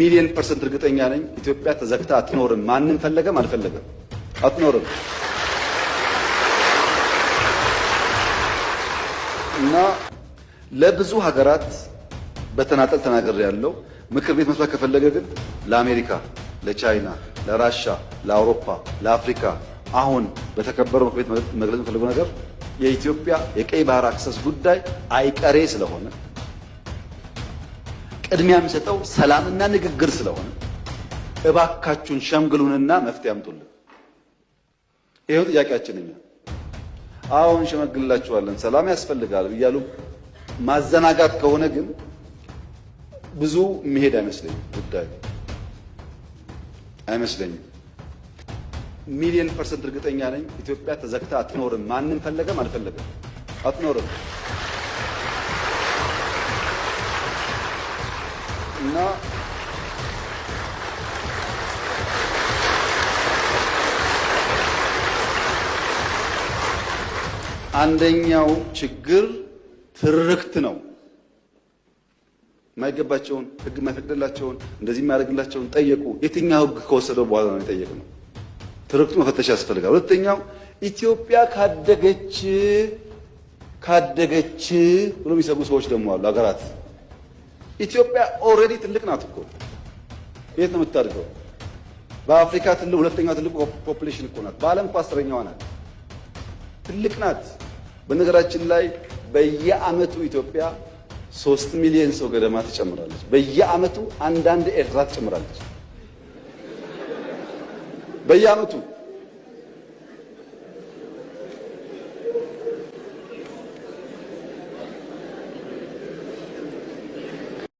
ሚሊዮን ፐርሰንት እርግጠኛ ነኝ ኢትዮጵያ ተዘግታ አትኖርም። ማንም ፈለገም አልፈለገም አትኖርም። እና ለብዙ ሀገራት በተናጠል ተናገር ያለው ምክር ቤት መስራት ከፈለገ ግን ለአሜሪካ፣ ለቻይና፣ ለራሻ፣ ለአውሮፓ፣ ለአፍሪካ አሁን በተከበረው ምክር ቤት መግለጽ የፈለገው ነገር የኢትዮጵያ የቀይ ባህር አክሰስ ጉዳይ አይቀሬ ስለሆነ ቅድሚያ የሚሰጠው ሰላምና ንግግር ስለሆነ እባካችሁን ሸምግሉንና መፍትሄ አምጡልን። ይሄው ጥያቄያችን እኛ አሁን ሸመግልላችኋለን፣ ሰላም ያስፈልጋል እያሉ ማዘናጋት ከሆነ ግን ብዙ መሄድ አይመስለኝም ጉዳዩ አይመስለኝም። ሚሊዮን ፐርሰንት እርግጠኛ ነኝ ኢትዮጵያ ተዘግታ አትኖርም። ማንም ፈለገም አልፈለገም አትኖርም። እና አንደኛው ችግር ትርክት ነው። የማይገባቸውን ህግ የማይፈቅድላቸውን እንደዚህ የማያደርግላቸውን ጠየቁ። የትኛው ህግ ከወሰደው በኋላ ነው የጠየቅነው? ትርክቱ መፈተሽ ያስፈልጋል። ሁለተኛው ኢትዮጵያ ካደገች ካደገች ብሎ የሚሰጉ ሰዎች ደግሞ አሉ አገራት ኢትዮጵያ ኦልሬዲ ትልቅ ናት እኮ የት ነው የምታደርገው? በአፍሪካ ትልቅ ሁለተኛ ትልቅ ፖፕሌሽን እኮ ናት። በዓለም እኮ አስረኛዋ ናት። ትልቅ ናት። በነገራችን ላይ በየአመቱ ኢትዮጵያ ሶስት ሚሊዮን ሰው ገደማ ትጨምራለች። በየአመቱ አንዳንድ ኤርትራ ትጨምራለች። በየአመቱ